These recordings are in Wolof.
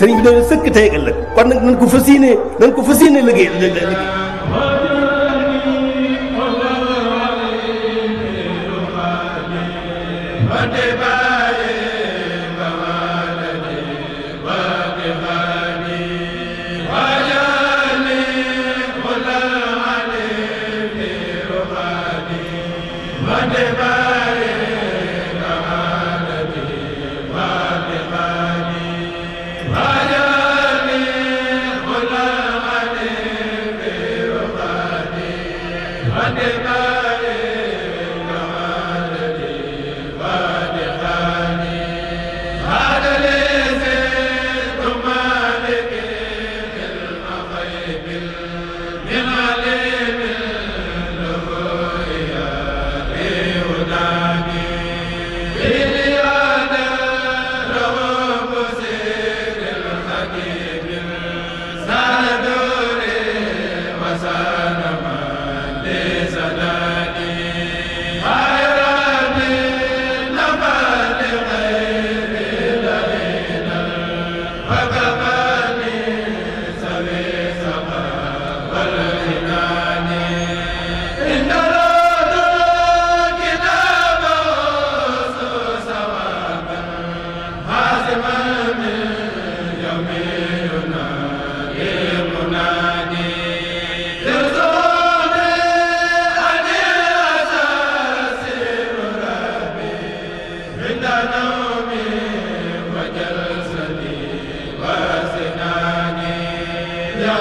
sëriñ bi dana sëkk tey ëllëg kon nag nañ ko fas yéene nañ ko fas yéene liggéey liggéey Vande Mari Fatima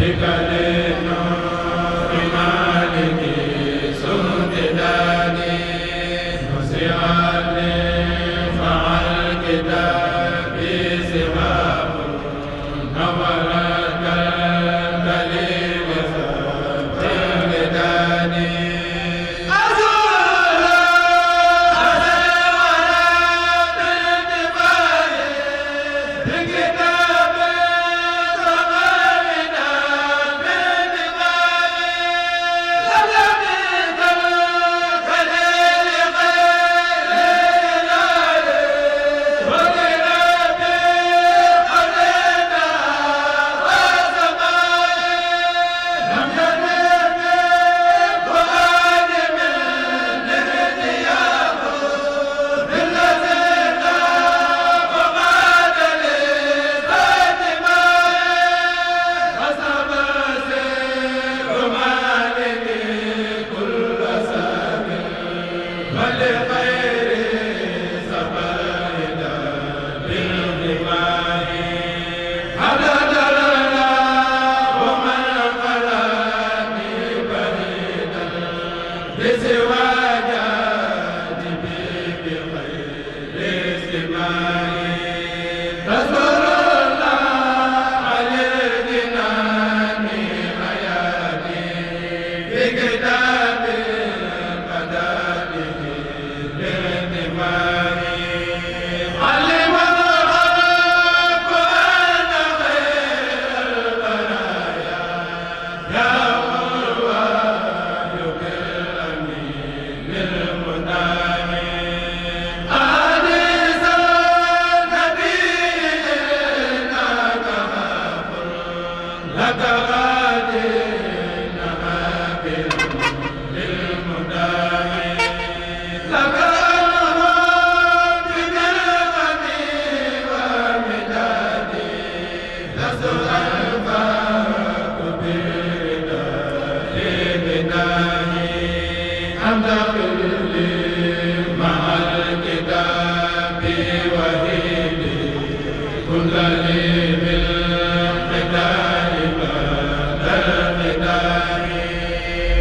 dikka